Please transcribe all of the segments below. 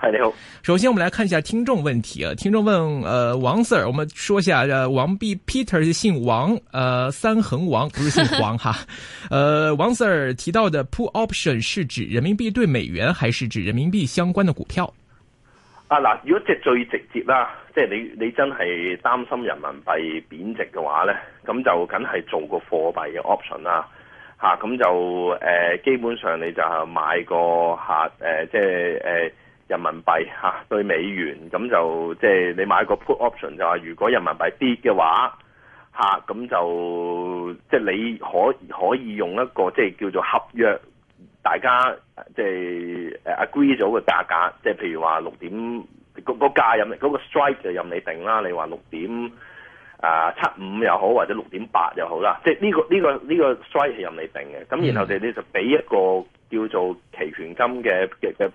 係你好，首先我們來看一下聽眾問題啊。聽眾問，呃，王 Sir，我們說一下，王弼 Peter 姓王，呃，三橫王，不是姓黃哈。呃、 啊，王 Sir 提到的 Put Option 是指人民幣對美元，還是指人民幣相關的股票？啊嗱，如果即係最直接啦，即、就、係、是、你你真係擔心人民幣貶值嘅話咧，咁就梗係做個貨幣嘅 option 啦。吓、啊，咁就誒、呃，基本上你就係買個吓，誒、啊呃，即係誒。呃人民幣嚇、啊、對美元咁就即係、就是、你買一個 put option 就話如果人民幣跌嘅話嚇咁、啊、就即係你可以可以用一個即係叫做合約，大家即係誒 agree 咗個價格，即係譬如話六點那那價、那個個價任嗰個 strike 就任你定啦，你話六點啊七五又好或者六點八又好啦，即係、這、呢個呢、這個呢、這個 strike 係任你定嘅，咁然後你你就俾一個叫做期權金嘅嘅。的的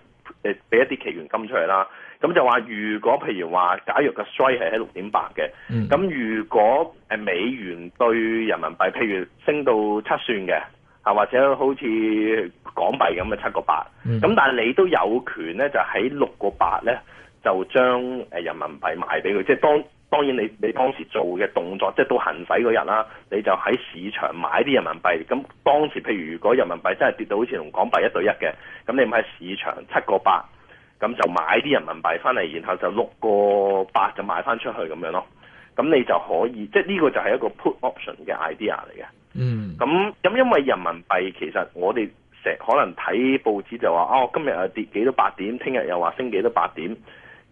誒俾一啲期權金出嚟啦，咁就話如果譬如話，假如個衰 t 係喺六點八嘅，咁如果誒美元對人民幣譬如升到七算嘅，啊或者好似港幣咁嘅七個八，咁但係你都有權咧，就喺六個八咧就將誒人民幣賣俾佢，即係當。當然你你當時做嘅動作，即係都行使嗰日啦，你就喺市場買啲人民幣。咁當時譬如如果人民幣真係跌到好似同港幣一對一嘅，咁你唔喺市場七個八，咁就買啲人民幣翻嚟，然後就六個八就賣翻出去咁樣咯。咁你就可以，即係呢個就係一個 put option 嘅 idea 嚟嘅。嗯。咁咁因為人民幣其實我哋成日可能睇報紙就話，哦，今日啊跌幾多八點，聽日又話升幾多八點。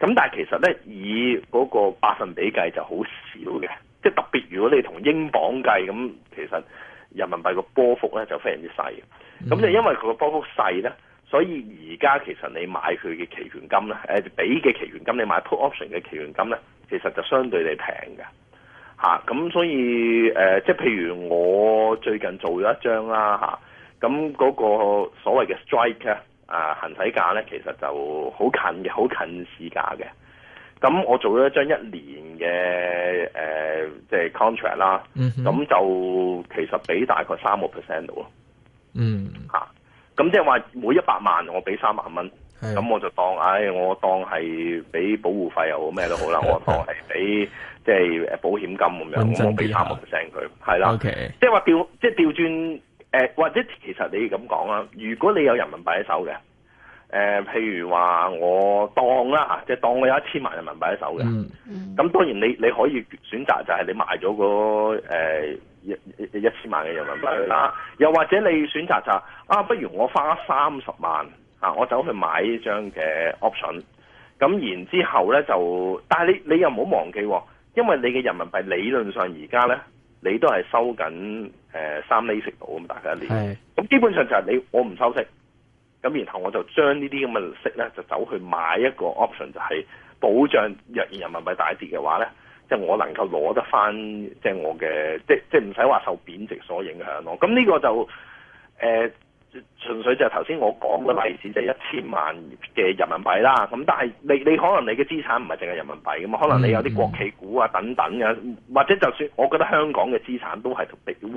咁但係其實咧，以嗰個百分比計就好少嘅，即係特別如果你同英鎊計咁，其實人民幣個波幅咧就非常之細。咁就、嗯、因為佢個波幅細咧，所以而家其實你買佢嘅期權金咧，誒俾嘅期權金你買 put option 嘅期權金咧，其實就相對嚟平嘅。咁所以即係、呃、譬如我最近做咗一張啦，咁嗰個所謂嘅 strike、啊啊，行使價咧，其實就好近嘅，好近市價嘅。咁我做咗一張一年嘅誒、呃，即係 contract 啦。嗯咁哼就其實俾大概三個 percent 到咯。嗯。嚇、啊。咁即係話每一百萬我俾三萬蚊，咁的我就當，唉、哎，我當係俾保護費又好咩都好啦，我當係俾即係保險金咁樣，比我幫俾三個 percent 佢。係啦。O K、嗯。即係話調，即係調轉。誒或者其實你咁講啊，如果你有人民幣喺手嘅，誒、呃、譬如話我當啦嚇，即係當我有一千萬人民幣喺手嘅，咁、嗯嗯、當然你你可以選擇就係你賣咗嗰、那個呃、一一,一千萬嘅人民幣啦，又或者你選擇就是、啊，不如我花三十萬啊，我走去買呢張嘅 option，咁然之後呢，就，但係你你又唔好忘記、哦，因為你嘅人民幣理論上而家呢。你都係收緊、呃、三厘息度，咁，大家一年。咁是基本上就係你我唔收息，咁然後我就將呢啲咁嘅息咧，就走去買一個 option，就係保障若然人民幣大跌嘅話咧，即、就、係、是、我能夠攞得翻，即、就、係、是、我嘅，即即係唔使話受貶值所影響咯。咁呢個就、呃純粹就係頭先我講嘅例子，就係一千萬嘅人民幣啦。咁但係你你可能你嘅資產唔係淨係人民幣㗎嘛，可能你有啲國企股啊等等呀，或者就算我覺得香港嘅資產都係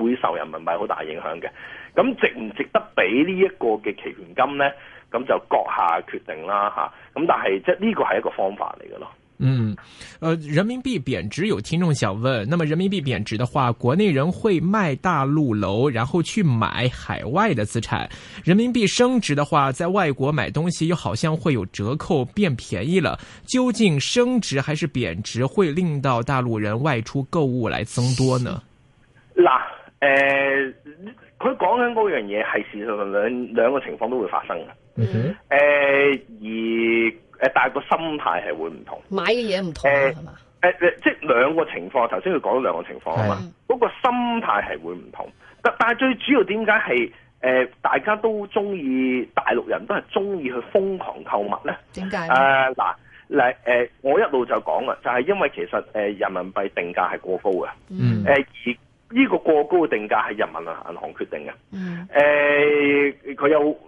會受人民幣好大影響嘅。咁值唔值得俾呢一個嘅期權金呢？咁就閣下決定啦吓。咁但係即係呢個係一個方法嚟嘅咯。嗯，呃，人民幣貶值，有聽眾想問，那麼人民幣貶值的話，國內人會賣大陸樓，然後去買海外的資產；人民幣升值的話，在外國買東西又好像會有折扣，變便宜了。究竟升值還是貶值會令到大陸人外出購物來增多呢？嗱，誒、呃，佢講緊嗰樣嘢係事實上兩兩個情況都會發生嘅。嗯哼，誒、呃、而。誒，但係個心態係會唔同，買嘅嘢唔同，誒誒、呃係嘛？呃，即係兩個情況，頭先佢講咗兩個情況啊嘛。嗰個的心態係會唔同，但但係最主要點解係誒，大家都中意大陸人都係中意去瘋狂購物咧？點解？誒嗱、呃，誒、呃呃，我一路就講啦，就係、是、因為其實誒，人民幣定價係過高嘅，誒、嗯、而呢個過高嘅定價係人民銀行決定嘅，誒佢、嗯呃、有。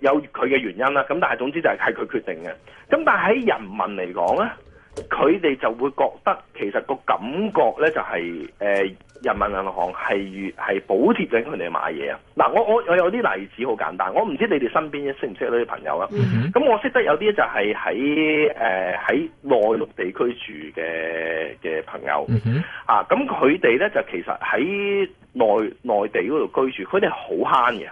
有佢嘅原因啦，咁但係總之就係係佢決定嘅。咁但係喺人民嚟講咧，佢哋就會覺得其實個感覺咧就係、是、誒、呃，人民銀行係係補貼緊佢哋買嘢啊。嗱，我我我有啲例子好簡單，我唔知你哋身邊識唔識呢啲朋友啦。咁、mm hmm. 我識得有啲就係喺誒喺內陸地區住嘅嘅朋友、mm hmm. 啊。咁佢哋咧就其實喺內內地嗰度居住，佢哋好慳嘅。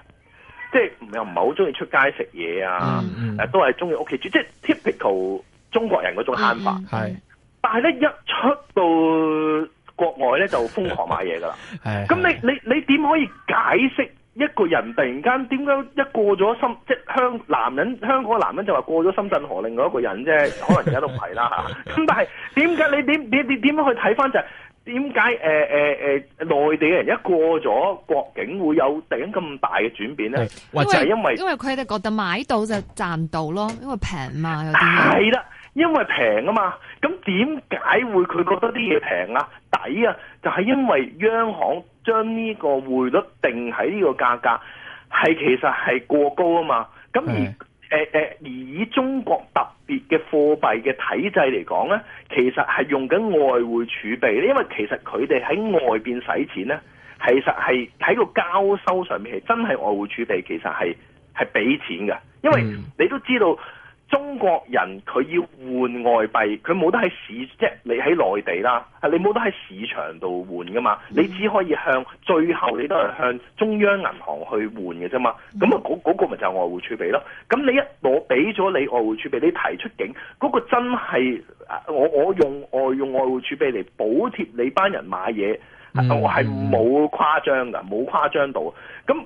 即係又唔係好中意出街食嘢啊，誒、嗯嗯、都係中意屋企煮，即、就、係、是、typical 中國人嗰種慳法係。嗯、但係咧一出到國外咧就瘋狂買嘢噶啦。咁你你你點可以解釋一個人突然間點解，一過咗深即係香男人香港嘅男人就話，過咗深圳河另外一個人啫，可能而家都唔係啦吓。咁 但係點解你點點點點樣去睇翻就係、是？點解誒誒誒內地嘅人一過咗國境會有突然咁大嘅轉變咧？就係因為因為佢哋覺得買到就賺到咯，因為平嘛係啦，因為平啊嘛。咁點解會佢覺得啲嘢平啊抵啊？就係因為央行將呢個匯率定喺呢個價格，係其實係過高啊嘛。咁而誒誒，而以中國特別嘅貨幣嘅體制嚟講咧，其實係用緊外匯儲備咧，因為其實佢哋喺外邊使錢咧，其實係喺個交收上面係真係外匯儲備，其實係係俾錢㗎，因為你都知道。中國人佢要換外幣，佢冇得喺市即係。你喺內地啦，你冇得喺市場度換噶嘛。你只可以向最後，你都係向中央銀行去換嘅啫嘛。咁、嗰、啊、個，嗰、嗰個咪就係外匯儲備咯。咁你一攞俾咗你外匯儲備，你提出境嗰、嗰個真係，我我用，我用外用外匯儲備嚟補貼你班人買嘢，我係冇誇張噶，冇誇張到。咁。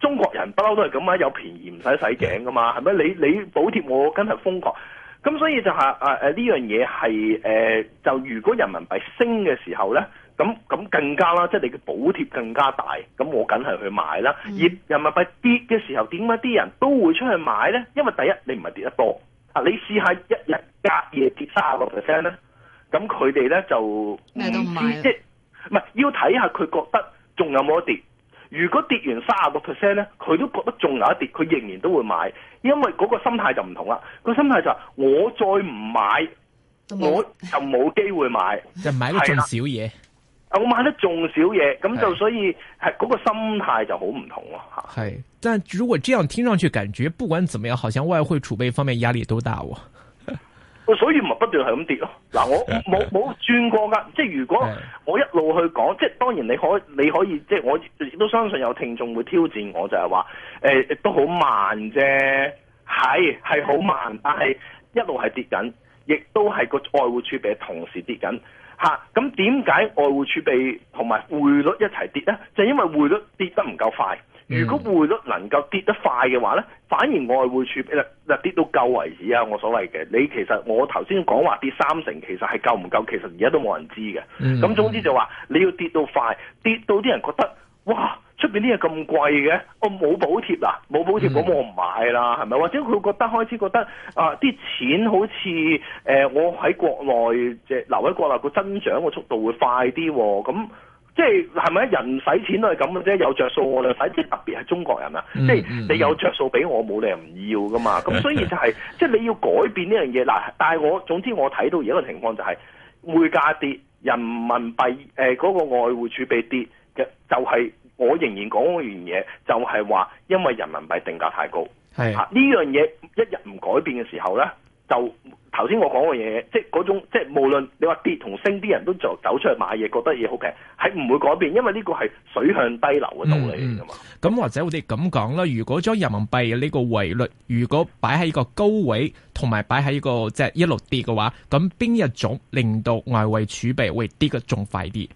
中國人不嬲都係咁啊，有便宜唔使使頸噶嘛，係咪？你你補貼我，梗係瘋狂，咁所以就係誒誒呢樣嘢係誒，就如果人民幣升嘅時候咧，咁咁更加啦，即係你嘅補貼更加大，咁我梗係去買啦。嗯、而人民幣跌嘅時候，點解啲人都會出去買咧？因為第一你唔係跌得多啊，你試下一日隔夜跌三十六 percent 咧，咁佢哋咧就唔知、嗯、即係唔係要睇下佢覺得仲有冇得跌。如果跌完三十個 percent 咧，佢都覺得仲有一跌，佢仍然都會買，因為嗰個心態就唔同啦。個心態就我再唔買，那麼 我就冇機會買，就買得仲少嘢。啊， 我買得仲少嘢，咁 就所以係嗰個心態就好唔同啊。係，但如果這樣聽上去，感覺不管怎麼樣，好像外匯儲備方面壓力都大喎。所以咪不，不斷係咁跌咯。嗱，我冇冇轉過噶。即係如果我一路去講，即係當然你可你可以，即係我亦都相信有聽眾會挑戰我，就係話誒亦都好慢啫。係，係好慢，但係一路係跌緊，亦都係個外匯儲備同時跌緊嚇。咁點解外匯儲備同埋匯率一齊跌咧？就係因為匯率跌得唔夠快。如果匯率能夠跌得快嘅話咧，反而外係會處，嗱嗱跌到夠為止啊！我所謂嘅，你其實我頭先講話跌三成其實是夠不夠，其實係夠唔夠？其實而家都冇人知嘅。咁、嗯、總之就話你要跌到快，跌到啲人覺得哇，出邊啲嘢咁貴嘅，我冇補貼啦，冇補貼咁我唔買啦，係咪、嗯？或者佢覺得開始覺得啊，啲錢好似誒、呃，我喺國內即係留喺國內個增長個速度會快啲喎、哦，咁、嗯。即係係咪人使錢都係咁嘅啫，有着數我就使，即係特別係中國人啊！嗯嗯嗯即係你有着數俾我，冇理由唔要噶嘛。咁 所以就係、是、即係你要改變呢樣嘢嗱。但係我總之我睇到而家個情況就係、是、匯價跌，人民幣誒嗰、呃那個外匯儲備跌嘅，就係、是、我仍然講嗰樣嘢，就係、是、話因為人民幣定價太高係呢樣嘢一日唔改變嘅時候咧。就頭先我講嘅嘢，即嗰種，即係無論你話跌同升，啲人都走出去買嘢，覺得嘢好平，係唔會改變，因為呢個係水向低流嘅道理嚟嘛。咁、嗯、或者我哋咁講啦，如果將人民幣嘅呢個匯率，如果擺喺一個高位，同埋擺喺一個即一路跌嘅話，咁邊一種令到外匯儲備會跌得仲快啲？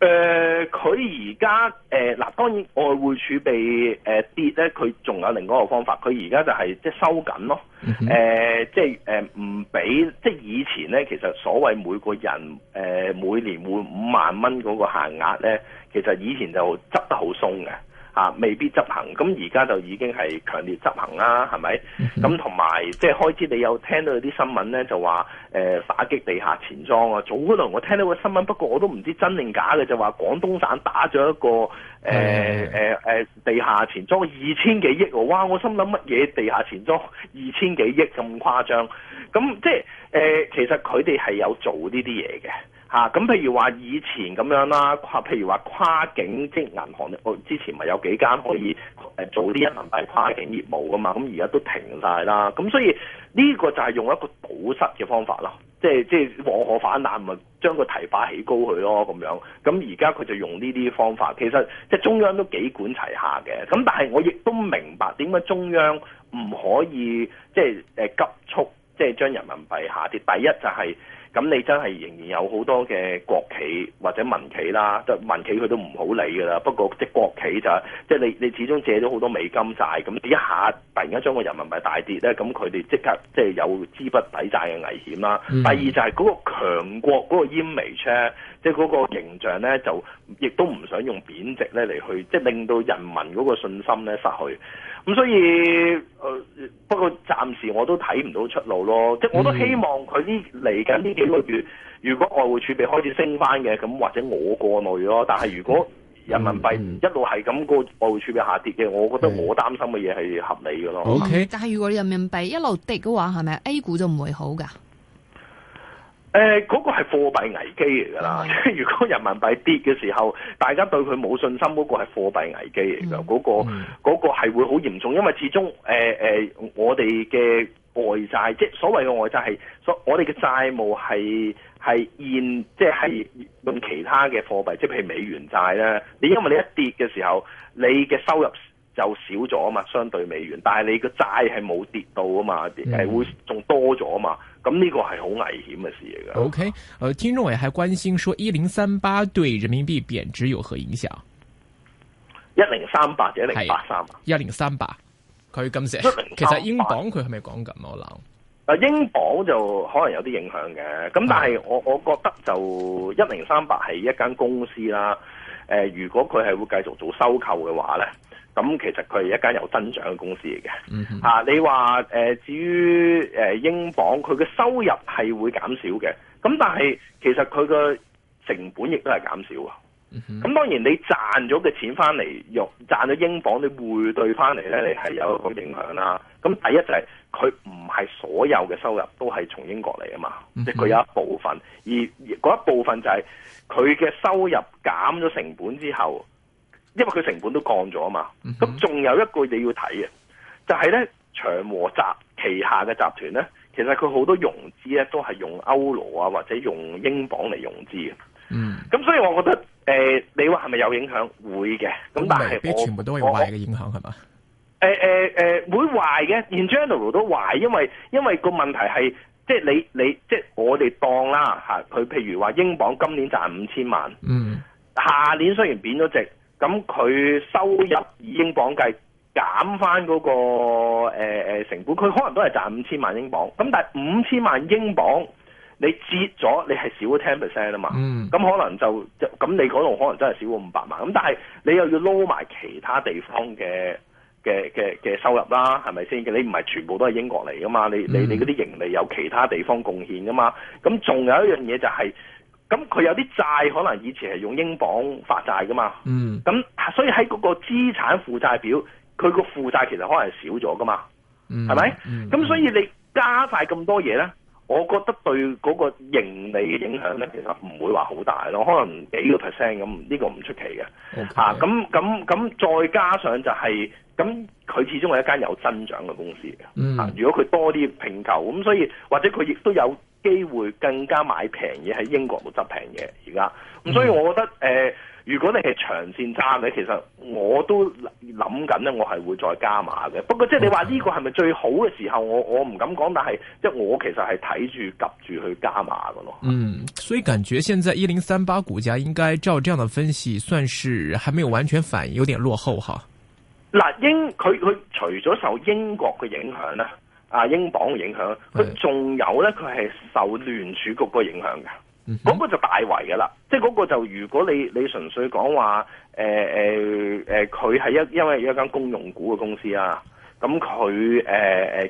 誒佢而家誒嗱，當然外匯儲備誒、呃、跌咧，佢仲有另外一個方法，佢而家就係即係收緊咯。誒即係誒唔俾，即係、呃即係呃即係、以前咧，其實所謂每個人誒、呃、每年換五萬蚊嗰個限額咧，其實以前就執得好鬆嘅。啊，未必執行，咁而家就已經係強烈執行啦、啊，係咪？咁同埋即係開始，你有聽到有啲新聞咧，就話誒、呃、打擊地下錢莊啊。早嗰輪我聽到個新聞，不過我都唔知真定假嘅，就話廣東省打咗一個、呃呃呃、地下錢莊二千幾億喎、啊。哇！我心諗乜嘢地下錢莊二千幾億咁誇張？咁即係、呃、其實佢哋係有做呢啲嘢嘅。啊，咁譬如話以前咁樣啦，跨譬如話跨境即銀行，之前咪有幾間可以誒做啲人民幣跨境業務噶嘛，咁而家都停晒啦。咁所以呢個就係用一個堵塞嘅方法咯，即係即係往可反彈，咪將個提法起高佢咯咁樣。咁而家佢就用呢啲方法，其實即係中央都幾管齊下嘅。咁但係我亦都明白點解中央唔可以即係急速，即係將人民幣下跌。第一就係、是。咁你真係仍然有好多嘅國企或者民企啦，得民企佢都唔好理㗎啦。不過即係國企就係，即係你你始終借咗好多美金債，咁一下突然間將個人民幣大跌咧，咁佢哋即刻即係有資不抵債嘅危險啦。嗯、第二就係嗰個強國嗰個 image，即係嗰個形象咧，就亦都唔想用貶值咧嚟去，即係令到人民嗰個信心咧失去。咁所以，呃，不過暫時我都睇唔到出路咯。即係我都希望佢呢嚟緊呢幾個月，如果外匯儲備開始升返嘅，咁或者我過慮咯。但係如果人民幣一路係咁個外匯儲備下跌嘅，我覺得我擔心嘅嘢係合理嘅咯。OK，但係如果人民幣一路跌嘅話，係咪 A 股就唔會好㗎？誒嗰、呃那個係貨幣危機嚟㗎啦！嗯、如果人民幣跌嘅時候，大家對佢冇信心，嗰、那個係貨幣危機嚟㗎。嗰、那個嗰、嗯、個係會好嚴重，因為始終誒、呃呃、我哋嘅外債，即係所謂嘅外債係，所我哋嘅債務係係現，in, 即係用其他嘅貨幣，即係譬如美元債呢。你因為你一跌嘅時候，你嘅收入就少咗啊嘛，相對美元，但係你個債係冇跌到啊嘛，係、嗯、會仲多咗啊嘛。咁呢個係好危險嘅事嚟㗎。O K，誒，聽眾也還關心，說一零三八對人民幣貶值有何影響？一零三八定一零八三啊？一零三八，佢今時其實英鎊，佢係咪講緊我諗？誒，英鎊就可能有啲影響嘅。咁但係我我覺得就一零三八係一間公司啦。誒、呃，如果佢係會繼續做收購嘅話咧。咁其實佢係一間有增長嘅公司嚟嘅，嗯哼啊，你話誒、呃，至於誒、呃、英鎊，佢嘅收入係會減少嘅，咁但係其實佢嘅成本亦都係減少喎。咁、嗯、哼當然你賺咗嘅錢翻嚟用，賺咗英鎊你匯兌翻嚟咧，你係有一個影響啦。咁第一就係佢唔係所有嘅收入都係從英國嚟㗎嘛，嗯、哼即係佢有一部分，而嗰一部分就係佢嘅收入減咗成本之後。因為佢成本都降咗啊嘛，咁仲、嗯、哼有一個你要睇嘅，就係、是、咧長和集旗下嘅集團咧，其實佢好多融資咧都係用歐羅啊或者用英鎊嚟融資嘅。嗯，咁所以我覺得誒、呃，你話係咪有影響？會嘅，咁但係我我我，全部都係壞嘅影響，係嘛，誒誒誒，會壞嘅，in general 都壞，因為因為個問題係即係你你即係我哋當啦吓，佢譬如話英鎊今年賺五千萬，嗯，下年雖然貶咗值。咁佢收入以英鎊計減翻嗰、那個誒、呃、成本，佢可能都係賺五千萬英鎊。咁但係五千萬英鎊你折咗，你係少咗 ten percent 啊嘛。咁、嗯、可能就咁你嗰度可能真係少咗五百萬。咁但係你又要撈埋其他地方嘅嘅嘅嘅收入啦，係咪先？你唔係全部都係英國嚟噶嘛？你你你嗰啲盈利有其他地方貢獻噶嘛？咁仲有一樣嘢就係、是。咁佢有啲債可能以前係用英鎊發債噶嘛，咁、嗯、所以喺嗰個資產負債表，佢個負債其實可能係少咗噶嘛，係咪？咁所以你加晒咁多嘢咧，我覺得對嗰個盈利嘅影響咧，其實唔會話好大咯，可能幾個 percent 咁，呢個唔出奇嘅。吓，咁咁咁再加上就係、是，咁佢始終係一間有增長嘅公司。嗯、啊，如果佢多啲拼購，咁所以或者佢亦都有。機會更加買平嘢，喺英國度執平嘢而家，咁所以我覺得誒、嗯呃，如果你係長線揸咧，其實我都諗緊咧，我係會再加碼嘅。不過即係你話呢個係咪最好嘅時候？我我唔敢講，但係即係我其實係睇住及住去加碼㗎咯。嗯，所以感覺現在一零三八股價應該照這樣的分析，算是還沒有完全反應，有點落後哈。嗱，英佢佢除咗受英國嘅影響咧。啊，英鎊嘅影響，佢仲有咧，佢係受聯儲局個影響嘅，嗰的個就大圍噶啦。即係嗰個就，如果你你純粹講話，誒誒誒，佢、呃、係、呃、一因為一間公用股嘅公司啊。咁佢誒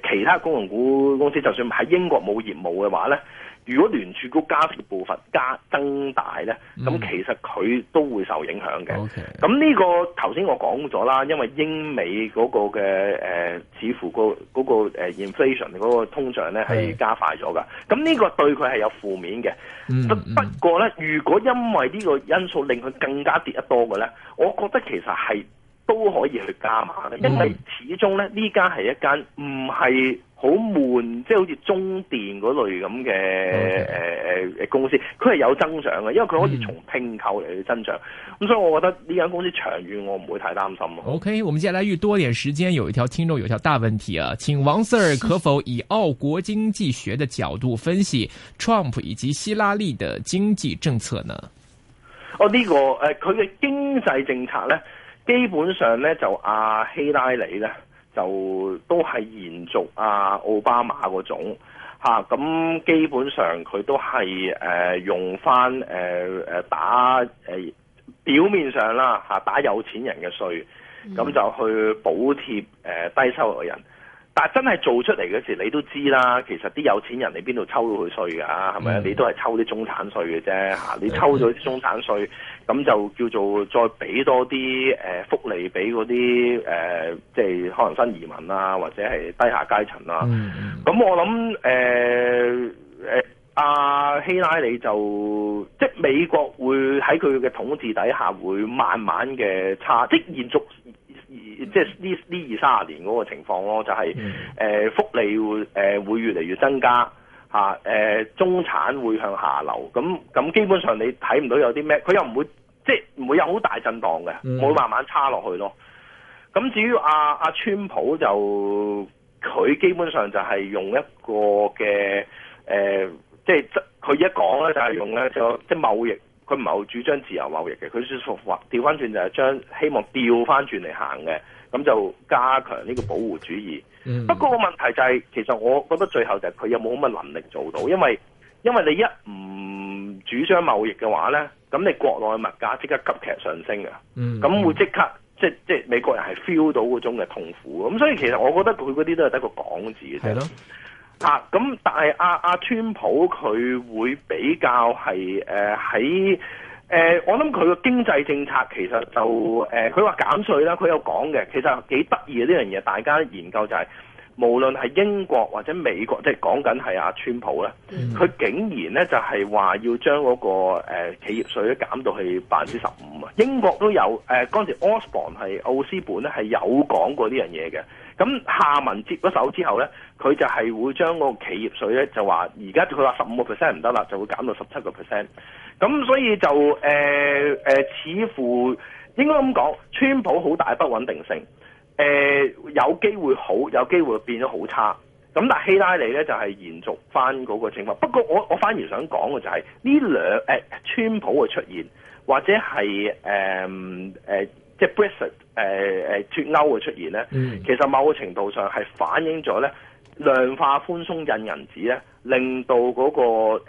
誒，其他公用股公司就算喺英國冇業務嘅話咧。如果聯儲局加息步伐加增大咧，咁其實佢都會受影響嘅。咁呢 Okay. 個頭先我講咗啦，因為英美嗰個嘅誒、呃、似乎嗰、嗰個、呃、inflation 嗰個通脹咧係加快咗噶。咁呢的個對佢係有負面嘅。嗯、不過咧、嗯，如果因為呢個因素令佢更加跌得多嘅咧，我覺得其實係都可以去加碼嘅，嗯、因為始終咧呢間係一間唔係。好悶，即係好似中電嗰類咁嘅誒誒公司，佢係有增長嘅，因為佢可以從併購嚟去增長。咁、嗯、所以，我覺得呢間公司長遠我唔會太擔心咯。OK，我哋接下來預多點時間，有一條聽眾有一條大問題啊！請王 Sir 可否以奧國經濟學嘅角度分析 Trump 以及希拉里的經濟政策呢？哦，呢、這個誒，佢、呃、嘅經濟政策咧，基本上咧就阿、啊、希拉里咧。就都係延續啊奧巴馬嗰種嚇，咁、啊、基本上佢都係誒、呃、用翻誒誒打誒、呃、表面上啦吓打有錢人嘅稅，咁就去補貼誒低收入嘅人。但真係做出嚟嗰時，你都知啦。其實啲有錢人你邊度抽到佢稅㗎？係咪？嗯、你都係抽啲中產稅嘅啫吓，你抽咗啲中產稅，咁、嗯、就叫做再俾多啲、呃、福利俾嗰啲即係可能新移民啊，或者係低下階層啦。咁、嗯、我諗誒誒阿希拉里就即係美國會喺佢嘅統治底下，會慢慢嘅差，即係延續。即係呢呢二三十年嗰個情況咯，就係、是、誒、呃、福利誒會、呃、會越嚟越增加嚇，誒、啊呃、中產會向下流，咁咁基本上你睇唔到有啲咩，佢又唔會即係唔會有好大震盪嘅，嗯、會慢慢差落去咯。咁至於阿阿川普就佢基本上就係用一個嘅誒，即係佢一講咧就係用咧個即係貿易。佢唔係好主張自由貿易嘅，佢說話調翻轉就係將希望調翻轉嚟行嘅，咁就加強呢個保護主義。嗯、不過個問題就係、是，其實我覺得最後就係佢有冇咁嘅能力做到，因為因為你一唔主張貿易嘅話呢，咁你國內嘅物價即刻急劇上升嘅，咁、嗯、會即刻、嗯、即刻即即美國人係 feel 到嗰種嘅痛苦。咁所以其實我覺得佢嗰啲都係得個講字嘅啫。啊！咁但係阿阿川普佢會比較係誒喺誒，我諗佢嘅經濟政策其實就誒，佢、呃、話減稅啦，佢有講嘅。其實幾得意嘅呢樣嘢，大家研究就係、是、無論係英國或者美國，即係講緊係阿川普咧，佢竟然咧就係話要將嗰、那個誒、呃、企業稅咧減到去百分之十五啊！英國都有誒、呃，當時 Osborne 係奧斯本咧係有講過呢樣嘢嘅。咁夏文接咗手之後呢，佢就係會將個企業稅呢，就話而家佢話十五個 percent 唔得啦，就會減到十七個 percent。咁所以就誒、呃呃、似乎應該咁講，川普好大不穩定性，誒、呃、有機會好，有機會變咗好差。咁但係希拉里呢，就係、是、延續翻嗰個情況。不過我我反而想講嘅就係、是、呢兩誒、呃、川普嘅出現，或者係誒、呃呃即係 Brexit，誒脱歐嘅出現咧，嗯、其實某個程度上係反映咗咧量化寬鬆印人紙咧，令到嗰、那個、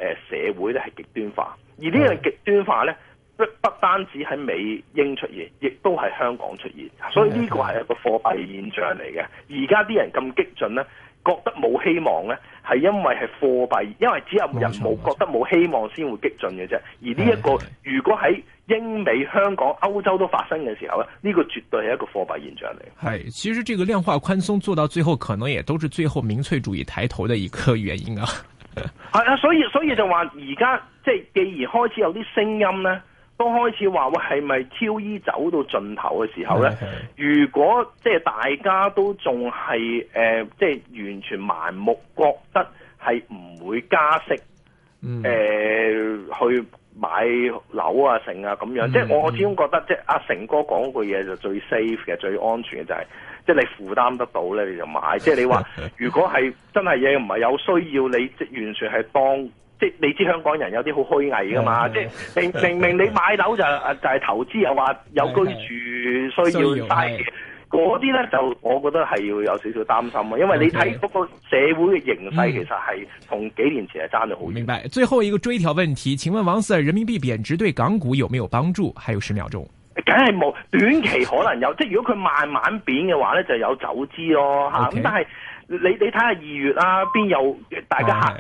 呃、社會咧係極端化，而呢樣極端化咧不不單止喺美英出現，亦都係香港出現，所以呢個係一個貨幣現象嚟嘅。而家啲人咁激進咧。覺得冇希望呢，係因為係貨幣，因為只有人冇覺得冇希望先會激進嘅啫。而呢、這、一個，如果喺英美、香港、歐洲都發生嘅時候咧，呢、這個絕對係一個貨幣現象嚟。係，其實這個量化寬鬆做到最後，可能也都是最後民粹主義抬頭的一個原因啊。係 啊，所以所以就話而家即係，既然開始有啲聲音呢。當開始話，喂，係咪 QE 走到盡頭嘅時候咧？是是如果即係大家都仲係誒，即係完全盲目覺得係唔會加息，誒、嗯呃、去買樓啊成啊咁樣，嗯、即係我我始終覺得即係阿、啊、成哥講嗰句嘢就最 safe 嘅、最安全嘅就係、是，即係你負擔得到咧你就買， 即係你話如果係真係嘢唔係有需要，你即完全係當即係你知香港人有啲好虛偽噶嘛？是的 即係明明明你買樓就係、就係、係、投資，又話有居住需是的 要而嘅，嗰啲咧就我覺得係要有少少擔心啊！因為你睇嗰個社會嘅形勢，其實係同幾年前係爭到好遠。明白。最後一個追條問題，請問王 Sir，人，人民幣貶值對港股有冇幫助？還有十秒鐘。梗係冇，短期可能有，即如果佢慢慢貶嘅話咧，就有走資咯咁 Okay 但係你你睇下二月啊，邊有大家行？